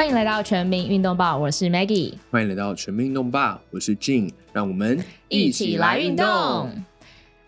歡迎來到全民運動報，我是 Maggie。歡迎來到全民運動報，我是 Jin。讓我們一起來運動。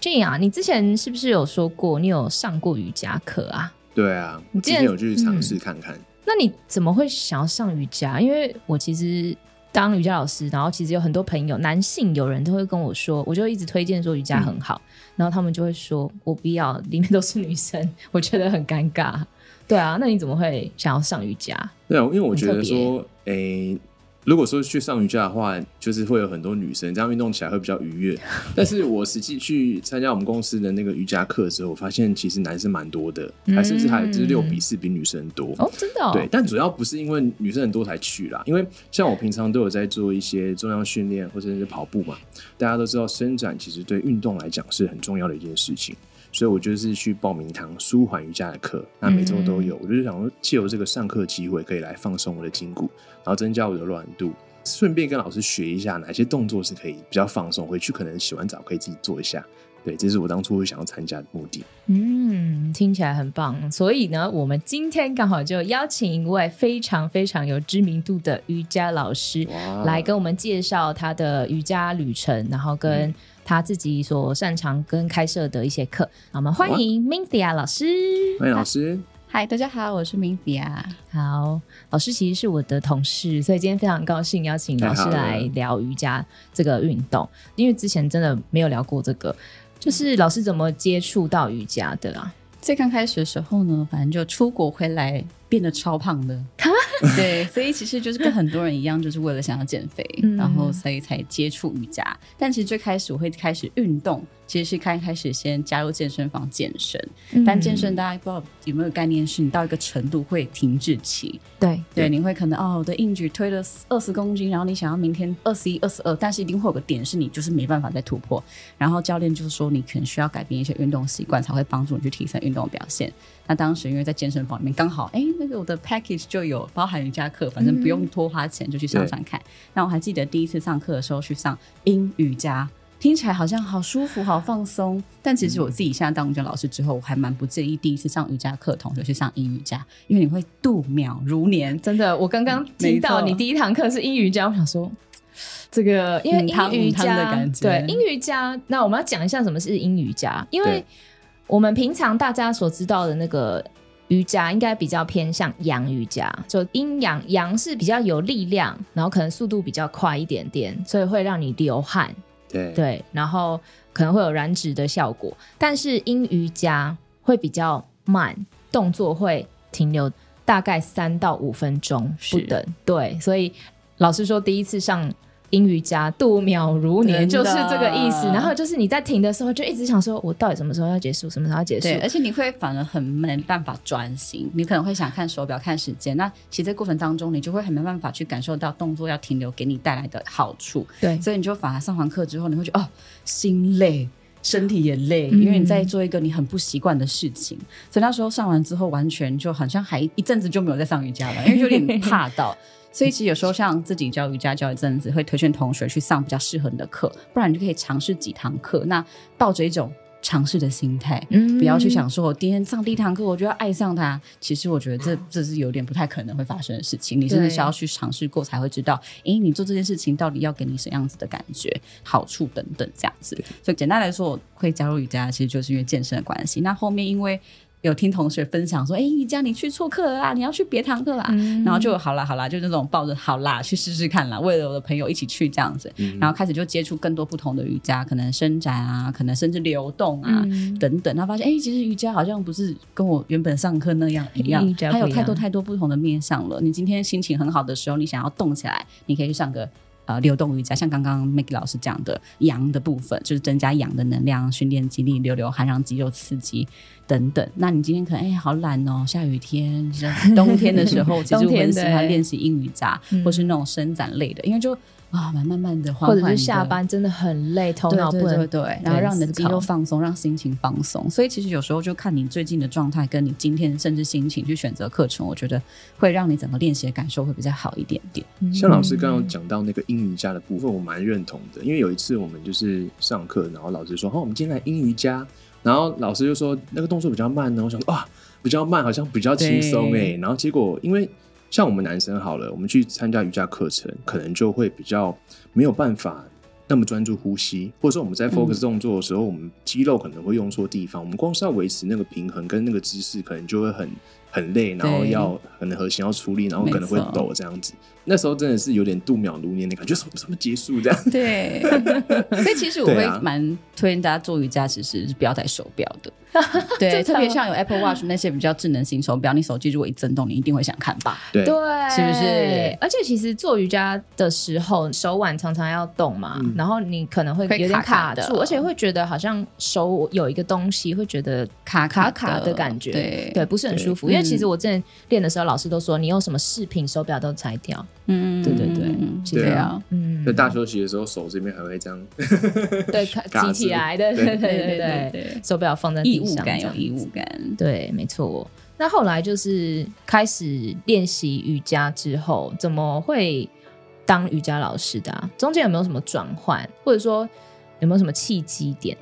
Jin 啊，你之前是不是有說過你有上過瑜伽課啊？對啊，你之前，我之前有去嘗試看看。嗯，那你怎麼會想要上瑜伽？因為我其實當瑜伽老師，然後其實有很多朋友，男性友人都會跟我說，我就一直推薦說瑜伽很好，嗯，然後他們就會說，我不要，裡面都是女生，我覺得很尷尬。對啊，那你怎麼會想要上瑜伽？對啊，因為我覺得說，誒、欸欸，如果說去上瑜伽的話，就是會有很多女生這樣，運動起來會比較愉悅。 但是我實際去參加我們公司的那個瑜伽課的時候，我發現其實男生蠻多的，嗯、還是還有還是六比四比女生多？哦。真的、哦？對，但主要不是因為女生很多才去啦，因為像我平常都有在做一些重量訓練或者是跑步嘛，大家都知道伸展其實對運動來講是很重要的一件事情。所以我就是去報名堂舒緩瑜伽的課，那每週都有。嗯、我就是想說，借由這個上課機會，可以來放鬆我的筋骨，然後增加我的柔軟度，順便跟老師學一下哪些動作是可以比較放鬆。回去可能洗完澡可以自己做一下。對，這是我當初想要參加的目的。嗯，聽起來很棒。所以呢，我們今天剛好就邀請一位非常非常有知名度的瑜伽老師來跟我們介紹他的瑜伽旅程，哇然後跟他自己所擅長跟開設的一些課。我們、嗯、歡迎 Minthia 老師。歡迎老師。Hi, Hi，大家好，我是 Minthia。好，老師其實是我的同事，所以今天非常高興邀請老師來聊瑜伽這個運動，哎、因為之前真的沒有聊過這個。就是老師怎麼接觸到瑜伽的啊？嗯、最剛開始的時候呢，反正就出國回來變得超胖的，卡對， 所以其實就是跟很多人一樣，就是為了想要減肥，嗯、然後所以才接觸瑜伽。但其實最開始我會開始運動。其實是開開始先加入健身房健身，但健身大家不知道有沒有概念，是你到一個程度會停滯期。嗯、對對，你會可能哦，我的硬舉推了二十公斤，然後你想要明天二十一、二十二，但是一定會有個點是你就是沒辦法再突破。然後教練就是說你可能需要改變一些運動習慣，才會幫助你去提升運動表現。那當時因為在健身房裡面剛好，哎、欸，那個我的 package 就有包含瑜伽課，反正不用多花錢就去上上看。嗯、那我還記得第一次上課的時候去上陰瑜伽，聽起來好像好舒服、好放鬆，但其實我自己現在當瑜伽老師之後，嗯、我還蠻不建議第一次上瑜伽課同學去上陰瑜伽，因為你會度秒如年。真的，我剛剛聽到你第一堂課是陰瑜伽，嗯、我想說這個，因為陰瑜伽的感覺，對陰瑜伽。那我們要講一下什麼是陰瑜伽，因為我們平常大家所知道的那個瑜伽，應該比較偏向陽瑜伽，就陰陽，陽是比較有力量，然後可能速度比較快一點點，所以會讓你流汗。對，對，然後可能會有燃脂的效果，但是陰瑜伽會比較慢，動作會停留大概三到五分鐘不等。是對，所以老師說，第一次上。陰瑜伽度秒如年，嗯、就是這個意思，然後就是你在停的時候就一直想說，我到底什麼時候要結束，什麼時候要結束？對，而且你會反而很沒辦法專心，你可能會想看手錶看時間。那其實這過程當中，你就會很沒辦法去感受到動作要停留給你帶來的好處。對，所以你就反而上完課之後，你會覺得哦，心累，身體也累，嗯、因為你在做一個你很不習慣的事情。所以那時候上完之後，完全就好像還一陣子就沒有在上瑜伽了，因為有點怕到。 所以其實有時候像自己教瑜伽教一陣子，會推薦同學去上比較適合你的課，不然你就可以嘗試幾堂課。那抱着一種嘗試的心態，嗯，不要去想說我今天上第一堂課我就要愛上它。其實我覺得這這是有點不太可能會發生的事情。你真的是要去嘗試過才會知道，誒對、欸，你做這件事情到底要給你什麼樣子的感覺、好處等等這樣子。所以簡單來說，我會加入瑜伽其實就是因為健身的關係。那後面因為。有聽同學分享說，哎、欸，瑜伽你去錯課啦，你要去別堂課啦。嗯、然後就好啦，好啦，就那種抱着好啦，去試試看啦。為了我的朋友一起去這樣子，嗯、然後開始就接觸更多不同的瑜伽，可能伸展啊，可能甚至流動啊、嗯、等等，然後發現哎、欸，其實瑜伽好像不是跟我原本上課那樣一樣，嗯、它有太多太多不同的面向了。嗯、你今天心情很好的時候，你想要動起來，你可以去上課。呃，流動瑜伽像剛剛 Minthia 老師講的，陽的部分就是增加陽的能量，訓練肌力，流流汗，寒讓肌肉刺激等等。那你今天可能哎、欸，好懶哦，下雨天， 冬天的時候， 冬天其實很喜歡練習陰瑜伽，對或是那種伸展類的，因為就啊，慢慢慢，慢的滑。歡歡的或者是下班真的很累，頭腦不對對，對，對對，然後讓你的肌肉放鬆，讓心情放鬆。所以其實有時候就看你最近的狀態，跟你今天甚至心情去選擇課程，我覺得會讓你整個練習的感受會比較好一點點。像老師剛剛講到那個。陰瑜伽的部分我蠻認同的，因為有一次我們就是上課，然後老師說：“好、哦，我們今天來陰瑜伽。”然後老師就說：“那個動作比較慢呢。”我想說：“啊，比較慢，好像比較輕鬆誒、欸。對’然後結果因為像我們男生好了，我們去參加瑜伽課程，可能就會比較沒有辦法那麼專注呼吸，或者說我們在 focus 動作的時候，嗯、我們肌肉可能會用錯地方，我們光是要維持那個平衡跟那個姿勢，可能就會很。很累，然後要很核心對要出力，然後可能會抖錯這樣子。那時候真的是有點度秒如年的感覺，什麼什麼結束這樣？對。 所以其實我會蠻推薦大家做瑜伽，其實是不要戴手錶的。 對，特別像有 Apple Watch 那些比較智能型手錶， 你手機如果一震動，你一定會想看吧。對，對，是不是？對而且其實做瑜伽的時候，手腕常常要動嘛，嗯、然後你可能會有點卡住，而且會覺得好像手有一個東西，會覺得卡卡，卡卡的感覺，對，對，不是很舒服。其實我之前練的時候，老師都說你用什麼飾品、手錶都拆掉。嗯嗯對對對，對啊。嗯，在大休息的時候，手這邊還會這樣。對，繫 起，起來的。對對對對，手錶放在地上。異物感有異物感。對，沒錯。那後來就是開始練習瑜伽之後，怎麼會當瑜伽老師的啊？中間有沒有什麼轉換，或者說有沒有什麼契機點？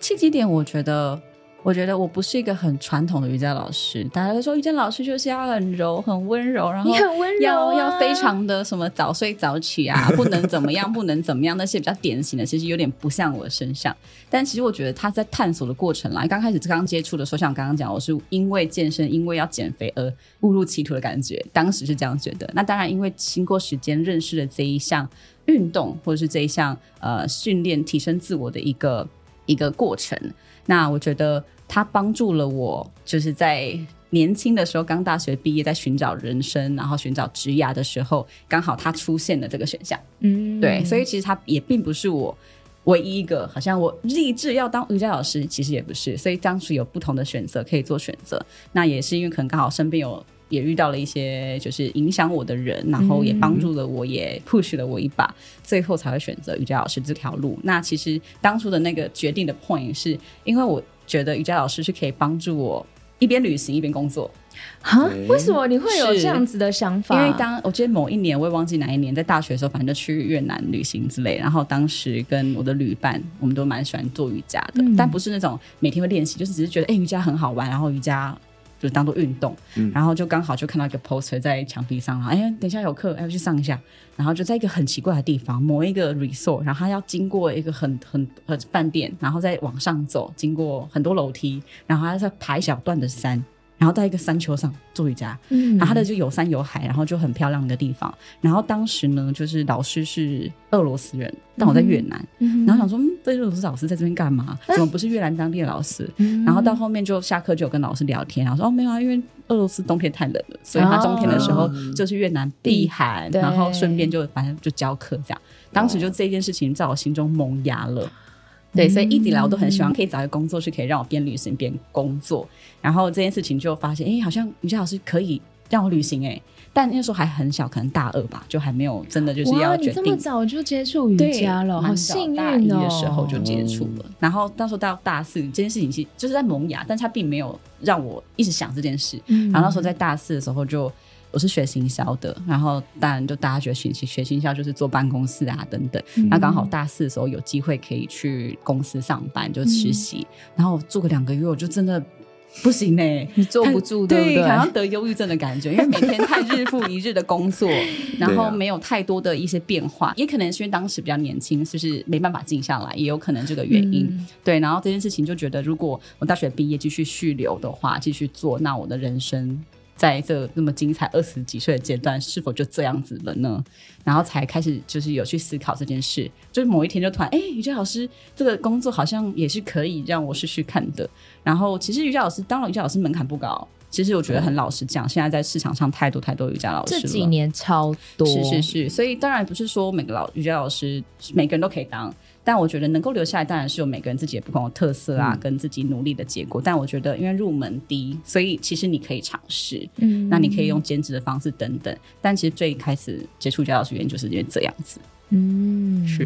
契機點，我覺得。我覺得我不是一個很傳統的瑜伽老師。大家都說瑜伽老師就是要很柔、很溫柔，然後要你很溫柔、啊、要非常的什麼早睡早起啊，不能怎麼樣， 不能怎麼樣，那些比較典型的，其實有點不像我的身上。但其實我覺得他在探索的過程來，剛開始剛接觸的時候，像我剛剛講，我是因為健身、因為要減肥而誤入歧途的感覺，當時是這樣覺得。那當然，因為經過時間認識了這一項運動，或者是這一項呃訓練，提升自我的一個一個過程。那我覺得。他幫助了我，就是在年輕的時候剛大學畢業，在尋找人生，然後尋找職涯的時候，剛好他出現了這個選項。嗯，對，所以其實他也並不是我唯一一個，好像我立志要當瑜伽老師，其實也不是。所以當時有不同的選擇可以做選擇。那也是因為可能剛好身邊有也遇到了一些就是影響我的人，然後也幫助了我，也 push 了我一把，嗯、最後才會選擇瑜伽老師這條路。那其實當初的那個決定的 point 是因為我。覺得瑜伽老師是可以幫助我一邊旅行一邊工作哈，蛤？為什麼你會有這樣子的想法？因為當我記得某一年，我也忘記哪一年，在大學的時候，反正就去越南旅行之類。然後當時跟我的旅伴，我們都蠻喜歡做瑜伽的，嗯、但不是那種每天會練習，就是只是覺得哎、欸，瑜伽很好玩，然後瑜伽。就當做運動，嗯、然後就剛好就看到一個 poster 在牆壁上，然後哎，等一下有課，要、哎、去上一下，然後就在一個很奇怪的地方，某一個 resort，然後他要經過一個很很很飯店，然後再往上走，經過很多樓梯，然後還要再爬一小段的山。然後在一個山丘上住一家，嗯、然後它的就有山有海，然後就很漂亮的地方。然後當時呢，就是老師是俄羅斯人，但我在越南，嗯嗯、然後想說，嗯，這俄羅斯老師在這邊幹嘛？怎麼不是越南當地的老師？嗯、然後到後面就下課就有跟老師聊天，嗯、然後說哦，沒有啊，因為俄羅斯冬天太冷了，所以他冬天的時候就是越南避寒，哦嗯、然後順便就反正就教課這樣。當時就這件事情在我心中萌芽了。哦對，所以一直以來我都很喜歡可以找一個工作是可以讓我邊旅行邊工作，然後這件事情就發現，哎，好像瑜伽老師可以讓我旅行，哎，但那時候還很小，可能大二吧，就還沒有真的就是要決定，這麼早就接觸瑜伽了，好幸運哦。大一的時候就接觸了，然後到時候到大四，這件事情其實就是在萌芽，但它並沒有讓我一直想這件事。然後那時候在大四的時候就。我是學行銷的，然後當然就大家覺得行銷學行銷就是坐辦公室啊、等等。嗯、那剛好大四的時候有機會可以去公司上班就實習，嗯、然後我做個兩個月，我就真的不行呢。欸， 你坐不住對不對？對 對，好像得憂鬱症的感覺，因為每天太日復一日的工作， 然後沒有太多的一些變化，也可能是因為當時比較年輕，就是沒辦法靜下來，也有可能這個原因。嗯、對，然後這件事情就覺得，如果我大學畢業繼續續留的話，繼續做，那我的人生。在這那麼精彩二十幾歲的階段，是否就這樣子了呢？然後才開始就是有去思考這件事，就是某一天就突然哎、欸，瑜伽老師這個工作好像也是可以讓我試試看的。然後其實瑜伽老師，當了瑜伽老師門檻不高，其實我覺得很老實講，現在在市場上太多太多瑜伽老師了，這幾年超多，是是是，所以當然不是說每個老師，瑜伽老師每個人都可以當。但我覺得能夠留下來當然是有每個人自己不同的特色啊，嗯、跟自己努力的結果。但我覺得因為入門低，所以其實你可以嘗試，嗯，那你可以用兼職的方式等等。嗯、但其實最開始接觸教老師原因就是因為這樣子，嗯，是，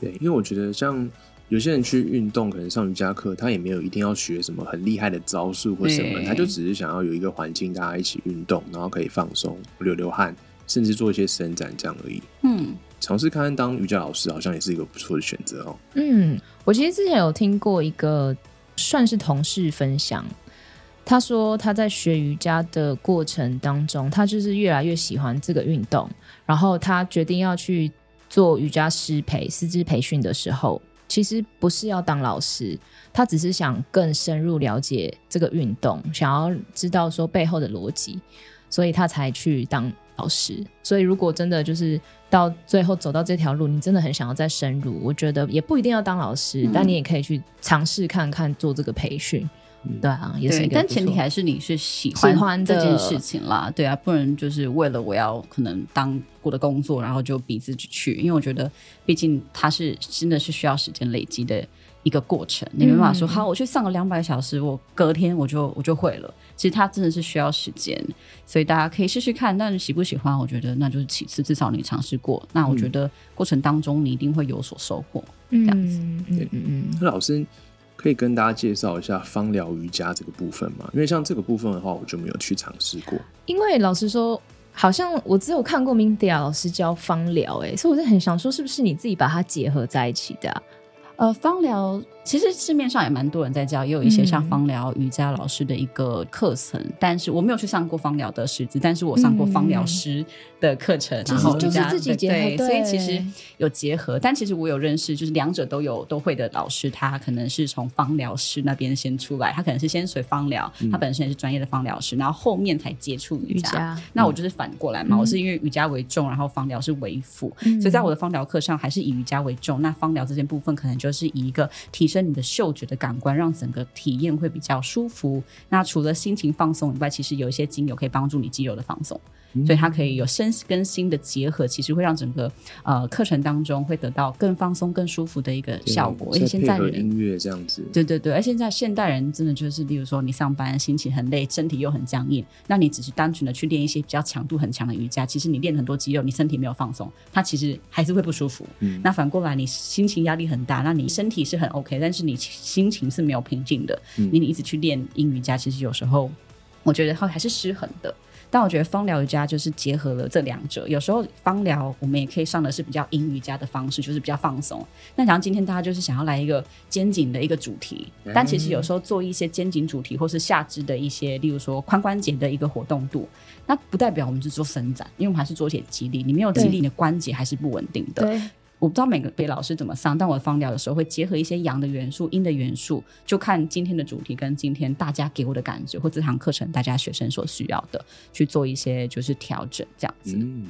對，因為我覺得像有些人去運動，可能上瑜伽課，他也沒有一定要學什麼很厲害的招數或什麼，欸、他就只是想要有一個環境大家一起運動，然後可以放鬆，流流汗，甚至做一些伸展這樣而已，嗯。嘗試看看當瑜伽老師，好像也是一個不錯的選擇哦。嗯，我其實之前有聽過一個算是同事分享，他說他在學瑜伽的過程當中，他就是越來越喜歡這個運動，然後他決定要去做瑜伽師培師資培訓的時候，其實不是要當老師，他只是想更深入了解這個運動，想要知道說背後的邏輯，所以他才去當老師。所以如果真的就是。到最後走到這條路，你真的很想要再深入。我覺得也不一定要當老師，嗯、但你也可以去嘗試看看做這個培訓、嗯，對啊，也是，但前提還是你是喜歡這件事情啦，對啊，不能就是為了我要可能當我的工作，然後就逼自己去。因為我覺得，畢竟它是真的是需要時間累積的一個過程，嗯、你沒辦法說好，我去上個兩百小時，我隔天我就我就會了。其實它真的是需要時間，所以大家可以試試看。但是喜不喜歡？我覺得那就是其次，至少你嘗試過。那我覺得過程當中你一定會有所收穫，嗯，這樣子。嗯，嗯對，那老師可以跟大家介紹一下芳療瑜珈這個部分嗎？因為像這個部分的話，我就沒有去嘗試過。因為老實說，好像我只有看過 Minthia 老師教芳療，哎，所以我就很想說，是不是你自己把它結合在一起的？啊？呃，芳療。其實市面上也蠻多人在教，也有一些像芳療、瑜伽老師的一個課程，嗯、但是我沒有去上過芳療的師資，但是我上過芳療師的課程，嗯、然後瑜伽、就是、就是自己結合，所以其實有結合。但其實我有認識，就是兩者都有都會的老師，他可能是從芳療師那邊先出來，他可能是先學芳療，嗯、他本身也是專業的芳療師，然後後面才接觸瑜伽。瑜伽。那我就是反過來嘛，嗯、我是因為瑜伽為重，然後芳療是為輔，嗯、所以在我的芳療課上還是以瑜伽為重。那芳療這件部分可能就是以一個提升，跟你的嗅覺的感官，讓整個體驗會比較舒服。那除了心情放鬆以外，其實有一些精油可以幫助你肌肉的放鬆，嗯、所以它可以有身跟心的結合，其實會讓整個呃課程當中會得到更放鬆、更舒服的一個效果。對而且現在的音樂這樣子，對對對。而現在現代人真的就是，例如說你上班心情很累，身體又很僵硬，那你只是單純的去練一些比較強度很強的瑜伽，其實你練很多肌肉，你身體沒有放鬆，它其實還是會不舒服。嗯。那反過來，你心情壓力很大，那你身體是很 OK 的。但是你心情是沒有平靜的、嗯你，你一直去練陰瑜伽，其實有時候我覺得它還是失衡的。但我覺得芳療瑜伽就是結合了這兩者。有時候芳療我們也可以上的是比較陰瑜伽的方式，就是比較放鬆。那像今天大家就是想要來一個肩頸的一個主題，嗯、但其實有時候做一些肩頸主題或是下肢的一些，例如說髖關節的一個活動度，那不代表我們是做伸展，因為我們還是做一些肌力。你沒有肌力，你的關節還是不穩定的。對對。我不知道每個被老師怎麼上，但我芳療的時候會結合一些陽的元素，陰的元素，就看今天的主題跟今天大家給我的感覺，或這堂課程大家學生所需要的，去做一些就是調整這樣子。嗯，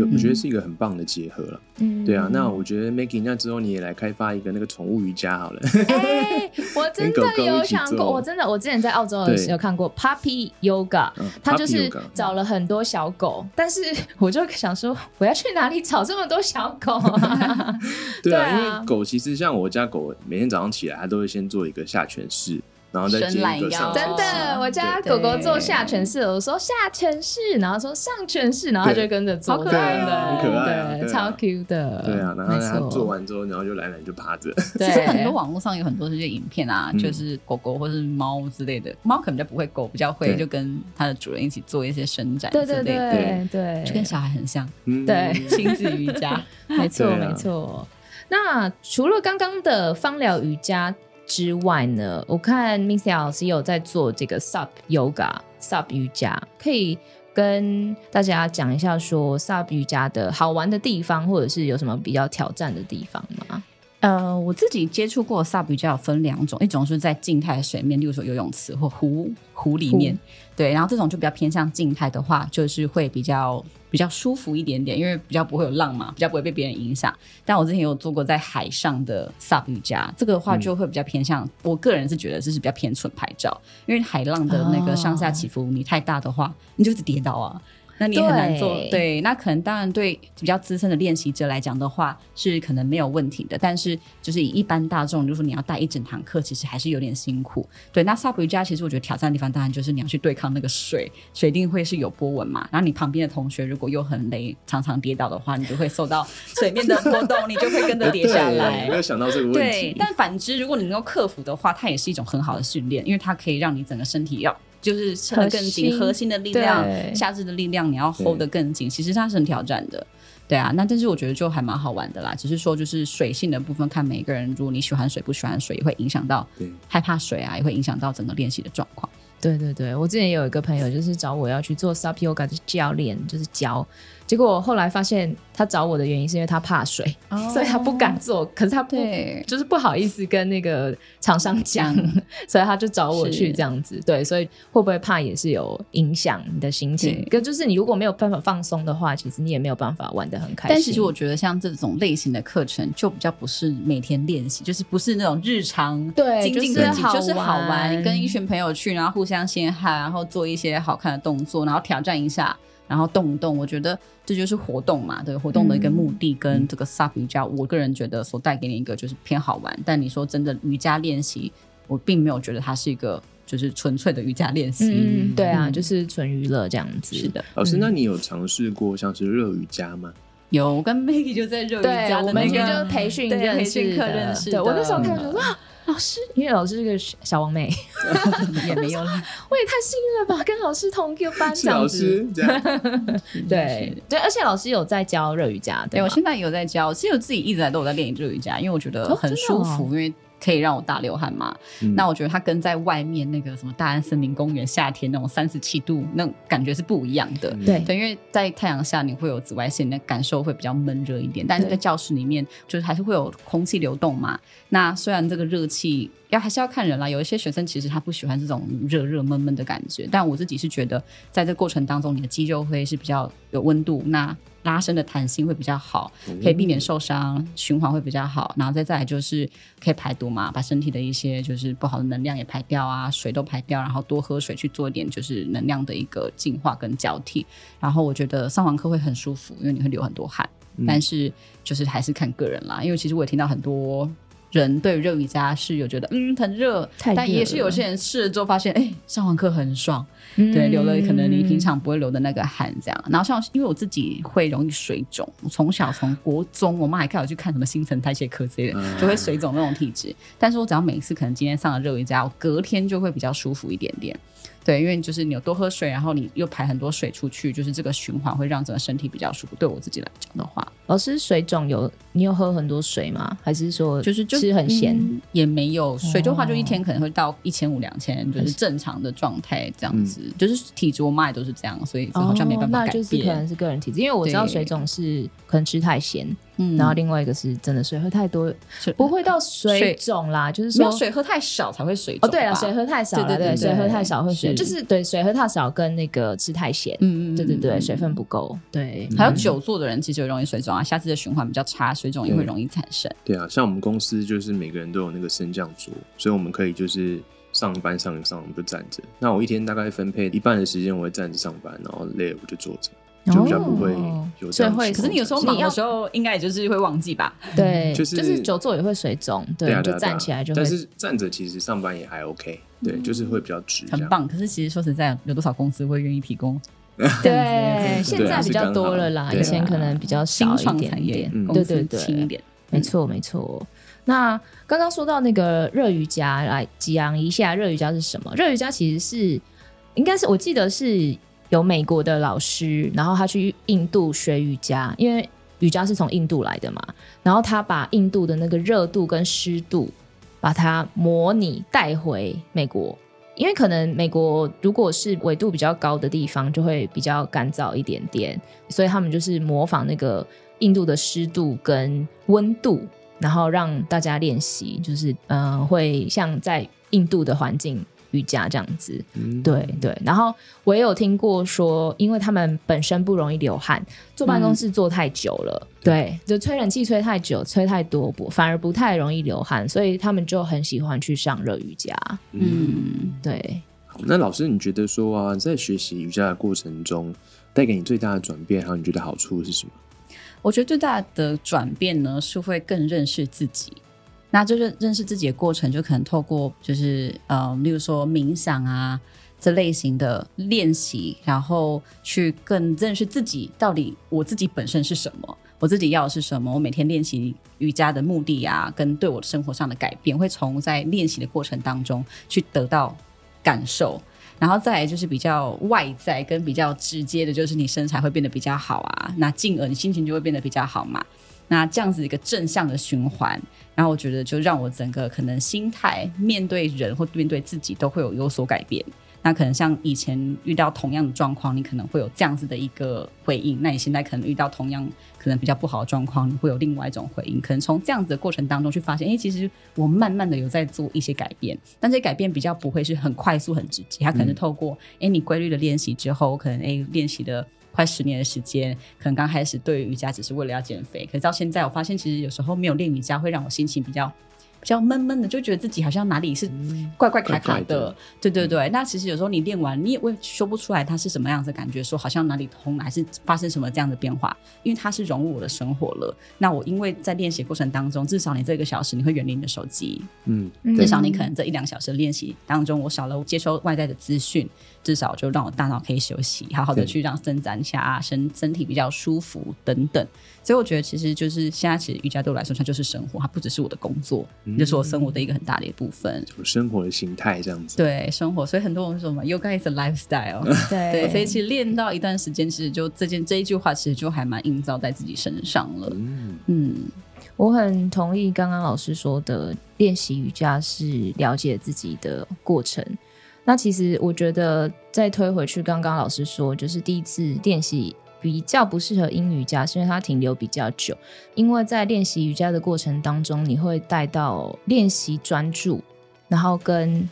我、嗯、我覺得是一個很棒的結合了。嗯，對啊，那我覺得 Maggie，那之後你也來開發一個那個寵物瑜伽好了。欸。我真的有想過，狗狗我真的我之前在澳洲的時候有看過對 Puppy Yoga，、哦、它就是找了很多小狗，啊嗯、但是我就想說，我要去哪裡找這麼多小狗啊？ 對啊，因為狗其實像我家狗，每天早上起來，它都會先做一個下犬式。然後伸懶腰，真的，我家狗狗做下犬式，我說下犬式，然後說上犬式，然後它就跟着做，好可愛哦，很可愛，超 Q 的，對啊，然後做完之後，然後就懶懶就趴着。其實很多網絡上有很多這些影片啊，就是狗狗或是貓之類的，貓可能就不會，狗比較會，就跟它的主人一起做一些伸展之類的，對，就跟小孩很像，對，親子瑜伽，沒錯沒錯。那除了剛剛的芳療瑜伽。之外呢，我看 Minthia 老師有在做這個 SUP Yoga、SUP 瑜伽，可以跟大家講一下說 SUP 瑜伽的好玩的地方，或者是有什麼比較挑戰的地方嗎？呃，我自己接觸過的 SUP 瑜珈有分兩種，一種是在靜態的水面，例如說游泳池或湖湖裡面，湖對，然後這種就比較偏向靜態的話，就是會比較比較舒服一點點，因為比較不會有浪嘛，比較不會被別人影響。但我之前有做過在海上的 SUP 瑜伽，這個的話就會比較偏向，嗯、我個人是覺得這是比較偏純拍照，因為海浪的那個上下起伏，哦、你太大的話，你就一直跌倒啊。那你很難做，對，對，那可能當然對比較資深的練習者來講的話是可能沒有問題的，但是就是以一般大眾，就是你要帶一整堂課，其實還是有點辛苦。對，那 SUP 瑜伽其實我覺得挑戰的地方當然就是你要去對抗那個水，水一定會是有波紋嘛，然後你旁邊的同學如果又很累，常常跌倒的話，你就會受到水面的波動， 你就會跟着跌下來 對。沒有想到這個問題。對，但反之如果你能夠克服的話，它也是一種很好的訓練，因為它可以讓你整個身體要。就是撐得更緊，核心，核心的力量，對下肢的力量，你要 hold 得更緊。對其實它是很挑戰的，對啊。那但是我覺得就還蠻好玩的啦，只是說就是水性的部分，看每一個人，如果你喜歡水，不喜歡水也會影響到害怕水啊，對也會影響到整個練習的狀況。對對對，我之前也有一個朋友就是找我要去做 SUP yoga 的教練，就是教。結果後來發現，他找我的原因是因為他怕水，oh, 所以他不敢做。可是他不對就是不好意思跟那個廠商講，講所以他就找我去這樣子。是對，所以會不會怕也是有影響你的心情？是可就是你如果沒有辦法放鬆的話，其實你也沒有辦法玩得很開心。但其實我覺得像這種類型的課程，就比較不是每天練習，就是不是那種日常。對，就是、就是好玩，跟一群朋友去，然後互相陷害，然後做一些好看的動作，然後挑戰一下。然後動一動，我覺得這就是活動嘛，對，活動的一個目的跟這個 SUP 瑜伽，我個人覺得所帶給你一個就是偏好玩。但你說真的瑜伽練習，我並沒有覺得它是一個就是純粹的瑜伽練習。嗯，對啊，就是純娛樂這樣子。是的，老師，那你有嘗試過像是熱瑜伽嗎？有，我跟 Maggie 就在熱瑜伽，我們就培訓一個培訓課認識的。我那時候看就說。老師，因為老師是個小王妹。 也沒有。 我也太幸運了吧， 跟老師同 Q 班這老師，樣 對師對，而且老師有在教熱瑜伽。對、欸、我現在有在教，其實我自己一直都有在練熱瑜伽，因為我覺得很舒服，哦哦、因為。可以讓我大流汗嘛。嗯、那我覺得它跟在外面那個什麼大安森林公園夏天那種三十七度那感覺是不一樣的。對，對，因為在太陽下你會有紫外線，那感受會比較悶熱一點。但是在教室裡面，就是還是會有空氣流動嘛。對那雖然這個熱氣，還是要看人啦。有一些學生其實他不喜歡這種熱熱悶悶的感覺，但我自己是覺得，在這過程當中，你的肌肉會是比較有溫度，那拉伸的彈性會比較好，嗯、可以避免受傷，循環會比較好，然後再再來就是可以排毒嘛，把身體的一些就是不好的能量也排掉啊，水都排掉，然後多喝水去做一點就是能量的一個淨化跟交替，然後我覺得上完課會很舒服，因為你會流很多汗，嗯、但是就是還是看個人啦，因為其實我也聽到很多。人對熱瑜伽，是有覺得嗯很熱，熱但也是有些人試了之後發現，哎、欸，上完課很爽，嗯、對，流了可能你平常不會流的那個汗這樣。嗯、然後像我因為我自己會容易水腫，從小從國中，我媽還帶我去看什麼新陳代謝科之類的就會水腫那種體質。嗯、但是，我只要每次可能今天上了熱瑜伽，我隔天就會比較舒服一點點。對，因為就是你有多喝水，然後你又排很多水出去，就是這個循環會讓整個身體比較舒服。對我自己來講的話，老師水腫有你有喝很多水嗎？還是說就是就吃很鹹、嗯、也沒有？水腫的話就一天可能會到一千五兩千，就是正常的狀態這樣子，是嗯、就是體質我媽也都是這樣，所以好像沒辦法改變。哦、那就是可能是個人體質，因為我知道水腫是可能吃太鹹。嗯，然後另外一個是真的水喝太多不會到水腫啦，就是說水喝太少才會水腫哦。對啊，水喝太少對對對，水喝太少會水，就是對水喝太少跟那個吃太鹹，嗯嗯對對對，水分不夠，對，還有久坐的人其實就容易水腫啊，下肢的循環比較差，水腫也會容易產生。對啊，像我們公司就是每個人都有那個升降桌，所以我們可以就是上班上一上我們就站着。那我一天大概分配一半的時間我會站着上班，然後累我就坐着，就比較不會。所以會，可是你有時候忙的時候，應該也就是會忘記吧。對，就是就是久坐也會水腫，對，就站起來就會。但是站着其實上班也還 OK，對，就是會比較直，很棒。可是其實說實在，有多少公司會願意提供？對，現在比較多了啦，以前可能比較新創產業，對對對，輕一點，沒錯沒錯。那剛剛說到那個熱瑜伽，來講一下熱瑜伽是什麼？熱瑜伽其實是，應該是我記得是。有美國的老師，然後他去印度學瑜伽，因為瑜伽是從印度來的嘛。然後他把印度的那個熱度跟濕度，把它模擬帶回美國，因為可能美國如果是緯度比較高的地方，就會比較乾燥一點點，所以他們就是模仿那個印度的濕度跟溫度，然後讓大家練習，就是嗯、呃，會像在印度的環境。瑜伽這樣子，嗯、對對。然後我也有聽過說，因為他們本身不容易流汗，坐辦公室坐太久了，嗯、對，就吹冷氣吹太久、吹太多，不反而不太容易流汗，所以他們就很喜歡去上熱瑜伽。嗯，嗯對。那老師，你覺得說啊，在學習瑜伽的過程中，帶給你最大的轉變，還有你覺得好處是什麼？我覺得最大的轉變呢，是會更認識自己。那就是認識自己的過程，就可能透過就是呃，例如說冥想啊這類型的練習，然後去更認識自己到底我自己本身是什麼，我自己要的是什麼。我每天練習瑜伽的目的啊，跟對我的生活上的改變，會從在練習的過程當中去得到感受。然後再來就是比較外在跟比較直接的，就是你身材會變得比較好啊，那進而你心情就會變得比較好嘛。那這樣子一個正向的循環，然後我覺得就讓我整個可能心態面對人或面對自己都會有有所改變。那可能像以前遇到同樣的狀況，你可能會有這樣子的一個回應。那你現在可能遇到同樣可能比較不好的狀況，你會有另外一種回應。可能從這樣子的過程當中去發現，欸，其實我慢慢的有在做一些改變，但這些改變比較不會是很快速很直接，它可能透過欸，嗯，欸，你規律的練習之後，可能誒練習的。快十年的時間，可能剛開始對瑜伽只是為了要減肥，可是到現在我發現，其實有時候沒有練瑜伽會讓我心情比較比較悶悶的，就覺得自己好像哪裡是怪怪卡卡的。嗯、對對對，嗯、那其實有時候你練完你也會說不出來它是什麼樣子的感覺，說好像哪裡痛還是發生什麼這樣的變化，因為它是融入我的生活了。那我因為在練習過程當中，至少你這一個小時你會遠離你的手機，嗯，至少你可能這一兩小時練習當中，我少了接收外在的資訊。至少就讓我大腦可以休息，好好的去讓伸展一下啊，對身身體比較舒服等等。所以我覺得，其實就是現在，其實瑜伽對我來說，它就是生活，它不只是我的工作，嗯、就是我生活的一個很大的一部分，就生活的形態這樣子。對生活，所以很多人說嘛 Yoga is a lifestyle。 對,對，所以其實練到一段時間，其實就這件這一句話，其實就還蠻映照在自己身上了。嗯，嗯我很同意剛剛老師說的，練習瑜伽是了解自己的過程。那其實我覺得，再推回去，剛剛老師說，就是第一次練習比較不適合陰瑜伽，是因為它停留比較久。因為在練習瑜伽的過程當中，你會帶到練習專注，然後跟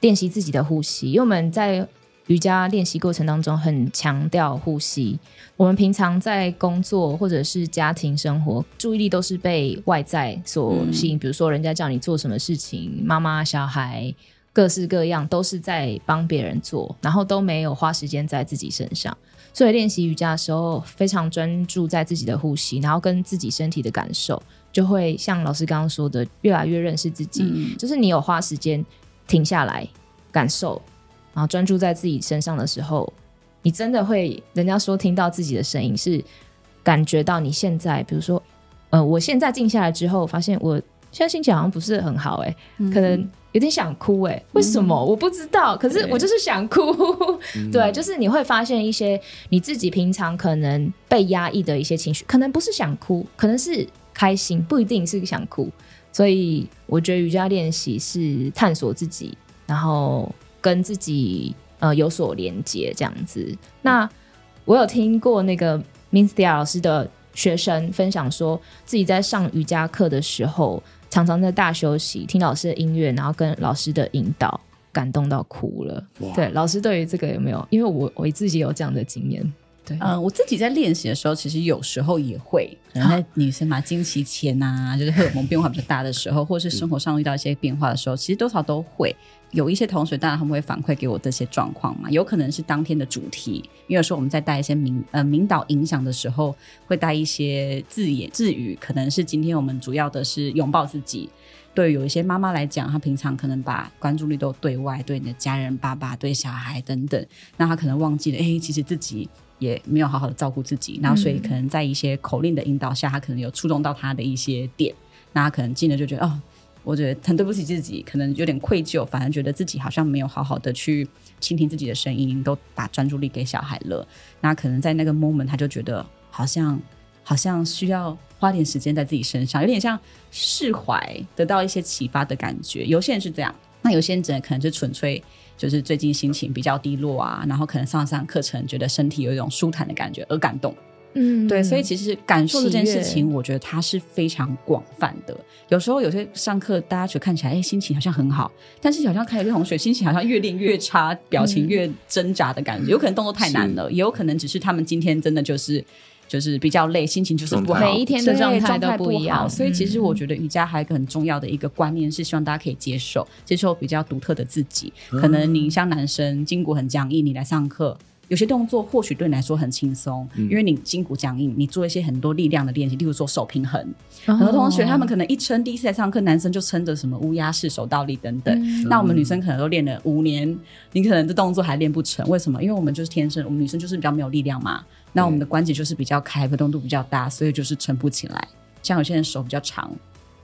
練習自己的呼吸。因為我們在瑜伽練習過程當中很強調呼吸，我們平常在工作或者是家庭生活，注意力都是被外在所吸引，嗯、比如說人家叫你做什麼事情，媽媽、小孩。各式各樣都是在幫別人做，然後都沒有花時間在自己身上，所以練習瑜伽的時候非常專注在自己的呼吸，然後跟自己身體的感受，就會像老師剛剛說的，越來越認識自己。嗯嗯。就是你有花時間停下來感受，然後專注在自己身上的時候，你真的會，人家說聽到自己的聲音，是感覺到你現在，比如說，呃，我現在靜下來之後，發現我。現在心情好像不是很好哎，欸，嗯、哼可能有點想哭哎，欸，嗯、哼為什麼我不知道？可是我就是想哭。對， 對，就是你會發現一些你自己平常可能被壓抑的一些情緒，可能不是想哭，可能是開心，不一定是想哭。所以我覺得瑜伽練習是探索自己，然後跟自己呃有所連接這樣子。對那我有聽過那個 Minthia 老師的學生分享，說自己在上瑜伽課的時候。常常在大休息聽老師的音樂，然後跟老師的引導感動到哭了。Wow. 對，老師對於這個有沒有？因為我我自己有這樣的經驗。對、呃、我自己在練習的時候，其實有時候也會，然後、啊、女生嘛，經期前吶、啊，就是荷爾蒙變化比較大的時候， 或是生活上遇到一些變化的時候，其實多少都會有一些同學，當然他們會反饋給我這些狀況嘛。有可能是當天的主題，因為有時候我們在帶一些明呃明導影響的時候，會帶一些字眼字語，可能是今天我們主要的是擁抱自己。對，有一些媽媽來講，她平常可能把關注力都對外，對你的家人、爸爸、對小孩等等，那她可能忘記了，哎、欸，其實自己。也沒有好好的照顧自己，然後、嗯、所以可能在一些口令的引導下，他可能有觸動到他的一些點，那他可能進了就覺得哦，我覺得很對不起自己，可能有點愧疚，反正覺得自己好像沒有好好的去傾聽自己的聲音，都把專注力給小孩了，那可能在那個 moment 他就覺得好像好像需要花點時間在自己身上，有點像釋懷，得到一些啟發的感覺。有些人是這樣，那有些人可能就純粹。就是最近心情比較低落啊，然後可能上上課程覺得身體有一種舒坦的感覺而感動，嗯，對，所以其實感受這件事情，我覺得它是非常廣泛的。嗯、有時候有些上課，大家就看起來、欸，心情好像很好，但是好像看有些同學心情好像越練越差，表情越掙扎的感覺，嗯、有可能動作太難了，是也有可能只是他們今天真的就是。就是比較累，心情就是不好，每一天的狀態都不一樣。好，所以其實我覺得瑜伽，還有一個很重要的一個觀念、嗯、是，希望大家可以接受，接受比較獨特的自己。嗯、可能你像男生，筋骨很僵硬，你來上課。有些動作或許對你來說很輕鬆，嗯、因為你筋骨僵硬，你做一些很多力量的練習，例如說手平衡。很多、哦、同學他們可能一撐第一次來上課，男生就撐着什麼烏鴉式、手倒立等等。嗯、那我們女生可能都練了五年，你可能這動作還練不成，為什麼？因為我們就是天生，我們女生就是比較沒有力量嘛。那我們的關節就是比較開，活、嗯、動度比較大，所以就是撐不起來。像有些人手比較長，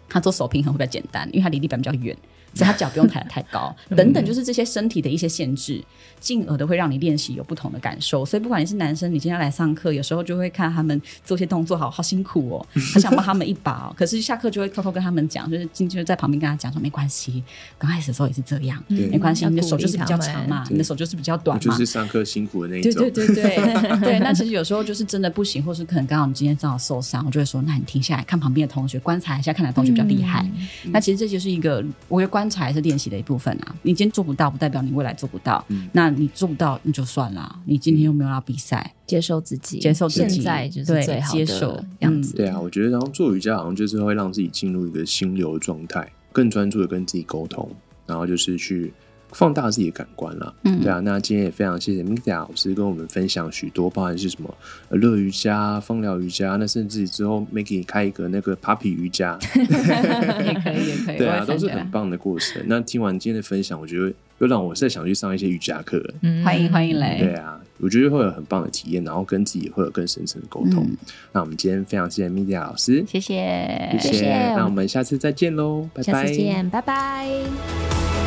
他做手平衡會比較簡單，因為他離地板比較遠。 所以他腳不用抬太高，等等，就是這些身體的一些限制，進而的會讓你練習有不同的感受。所以不管你是男生，你今天來上課，有時候就會看他們做些動作好，好好辛苦哦、喔，很想幫他們一把哦、喔。 可是下課就會偷偷跟他們講，就是進去在旁邊跟他講說，沒關係，剛開始的時候也是這樣，對沒關係，你的錄手就是比較長嘛，對你的手就是比較短嘛，就是上課辛苦的那一種，對對對對 對。那其實有時候就是真的不行，或是可能剛好你今天正好受傷，我就會說，那你停下來看旁邊的同學，觀察一下，看來同學比較厲害。嗯嗯、那其實這就是一個我覺得觀察還是練習的一部分啊！你今天做不到，不代表你未來做不到。嗯、那你做不到，那就算了。你今天又沒有要比賽，接受自己，接受自己就是最好的樣子。對，接受這樣子、嗯。對啊，我覺得然後做瑜伽，好像就是會讓自己進入一個心流狀態，更專注的跟自己溝通，然後就是去。放大自己的感官了，嗯，對啊。那今天也非常謝謝 Minthia 老師跟我們分享許多，包含是什麼熱瑜伽、芳療瑜伽，那甚至之後 make 開一個那個 puppy 瑜伽，也可以，也可以，對啊，都是很棒的過程。那聽完今天的分享，我覺得又讓我再想去上一些瑜伽課。嗯，歡迎歡迎來。對啊，我覺得會有很棒的體驗，然後跟自己會有更深層的溝通。那我們今天非常謝謝 Minthia 老師，謝謝，謝謝。那我們下次再見嘍，拜拜，見，拜拜。